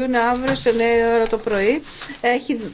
είναι αύριο σε ώρα το πρωί. Έχει